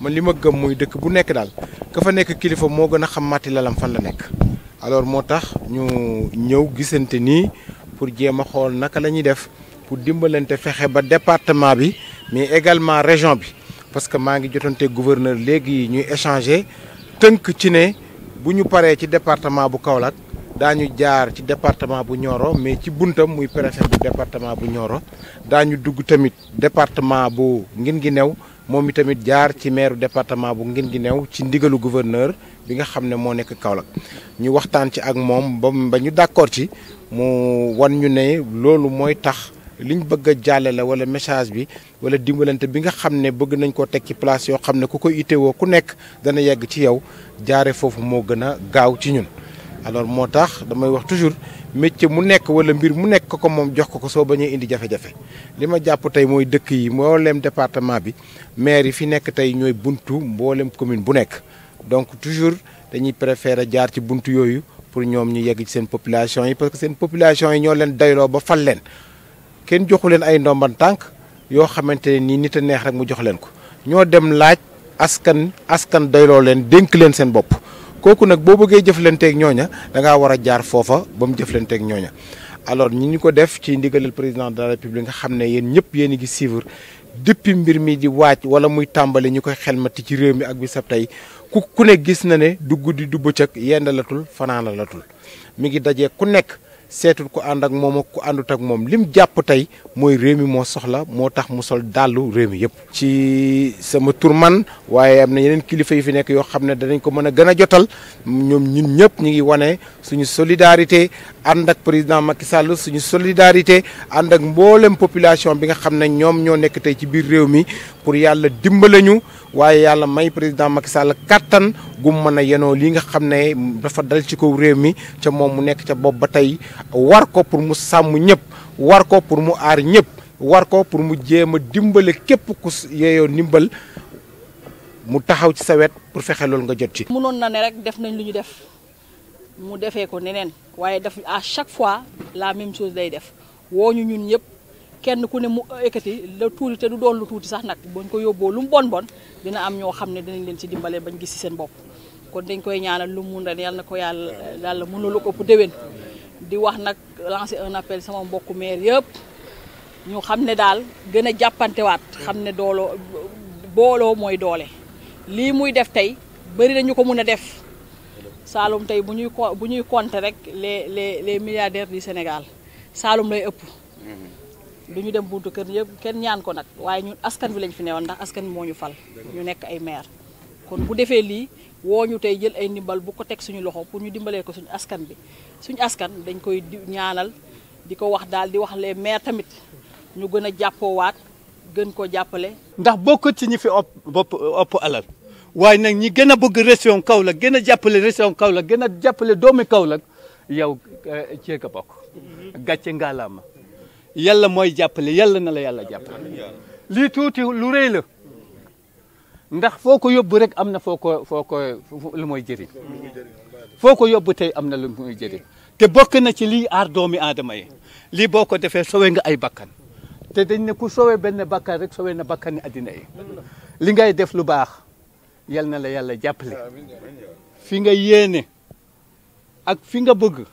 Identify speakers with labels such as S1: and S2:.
S1: man li ma gëm muy dëkk bu nekk daal ka fa nekk kilifa moo gën a xam matti lalam fan la nekk alors moo tax ñu ñëw gisante nii pour jéem a xool naka la ñuy def pour dimbalante fexe ba département bi mais également région bi parce que maa ngi jotante gouverneur léegi ñuy échanger tënk ci ne bu ñu paree ci département bu Kaolack daañu jaar ci département bu Nioro mais ci buntam muy préfet bu département bu Nioro daañu dugg tamit département bu new moom mi tamit jaar ci maire département bu new ci ndigalu gouverneur bi nga xam ne moo nekk Kaolack ñu waxtaan ci ak moom ba ba ñu d'accord ci mu wan ñu ne loolu mooy tax liñ bëgg a la wala message bi wala dimbalante bi nga xam ne bëgg nañ ko teg ci place yoo xam ne ku koy woo ku nekk dana yegg ci yow jaare foofu moo gën a gaaw ci ñun alors moo tax damay wax toujours métier mu nekk wala mbir mu nekk ko moom jox ko ko soo bañee indi jafe-jafe li ma jàpp tey mooy dëkk yi mbooleem département bi maire yi fi nekk tey ñooy buntu mbooleem commune bu nekk donc toujours dañuy préférer jaar ci buntu yooyu pour ñoom ñu yegg ci seen population yi parce que seen population yi ñoo leen dayloo ba fal leen kenn joxu leen ay ndomban tànk yoo xamante ne nii nit a neex rek mu jox leen ko ñoo dem laaj askan askan dayloo leen dénk leen seen bopp kooku nag boo bëggee jëflanteeg ñooña da ngaa war a jaar foofa ba mu jëflanteeg ñooña alors ñi ñu ko def ci ndigalal président de la république nga xam ne yéen ñëpp yéen a ngi suivre depuis mbir mi di waaj wala muy tàmbali ñu koy xelmati ci réew mi ak bi sab tey ku ku ne gis na ne du guddi du bëccëg yendalatul fanaanalatul mi ngi dajee ku nekk. seetul ko ànd ak moom ak ku àndut ak moom lim jàpp tey mooy réew mi moo soxla moo tax mu sol dàllu réew mi yëpp. ci sama tur man waaye am na yeneen kilifa yi fi nekk yoo xam ne danañ ko mën a gën a jotal ñoom ñun ñëpp ñu ngi wane suñu solidarité ànd ak président Macky Sall suñu solidarité ànd ak mboolem population bi nga xam ne ñoom ñoo nekk tey ci biir réew mi pour yàlla dimbale ñu waaye yàlla may président Macky Sall kattan. gum mën a yenoo lii nga xam ne dafa dal ci kow réew mi ca moom mu nekk ca bopp ba tey war ko pour mu sàmm ñëpp war ko pour mu aar ñëpp war ko pour mu jéem a dimbale képp ku yeeyoo ndimbal mu taxaw ci sa wet pour fexe loolu nga jot
S2: ci. mënoon na ne rek def nañ lu ñu def mu defee ko neneen waaye daf à chaque fois laa même chose day def woo ñu ñun ñëpp. kenn ku ne mu ekkati la tuuti te du doon lu tuuti sax nag buñ ko yóbboo lu mu bon bon dina am ñoo xam ne dinañ leen ci dimbale bañ gis seen bopp kon dañ koy ñaanal lu mun ren yàlla na ko yàlla yàlla mën na lu ko ëpp déwén di wax nag lancer un appel sama mbokku maire yëpp ñu xam ne daal gën a jàppantewaat xam ne dooloo booloo mooy doole lii muy def tey bëri nañu ko mën a def Saalum tey bu ñuy bu ñuy compter rek les les les milliardaires du Sénégal Saalum lay ëpp du ñu dem buntu kër yëpp kenn ñaan ko nag waaye ñun askan bi lañ fi newoon ndax askan moo ñu fal ñu nekk ay maire kon bu defee lii woo ñu tey jël ay ndimbal bu ko teg suñu loxo pour ñu dimbalee ko suñu askan bi suñu askan dañ koy ñaanal di ko wax daal di wax lee mais tamit ñu gën a jàppoowaat gën ko jàppale.
S3: ndax bokk ci ñi fi ëpp bopp ëpp alal waaye nag ñi gën a bëgg région Kaolack gën a jàppale région Kaolack gën a jàppale doomi Kaolack yow eh, cee ko bokk. Mhm. gàcce ngaalaama yalla mooy jàppale yalla na la yàlla jàppale. lii tuuti lu rëy la. ndax foo ko yóbbu rek am na foo ko foo ko lu mooy jëriñ foo ko yóbbu tey am na lu mooy jëriñ te bokk na ci lii aar doomi aadama yi lii boo ko defee sowe nga ay bakkan te dañ ne ku sowe benn bakkan rek sowe na bakkan addina yi li ngay def lu baax yal na la yàlla jàppale fi nga yéene ak fi nga bëgg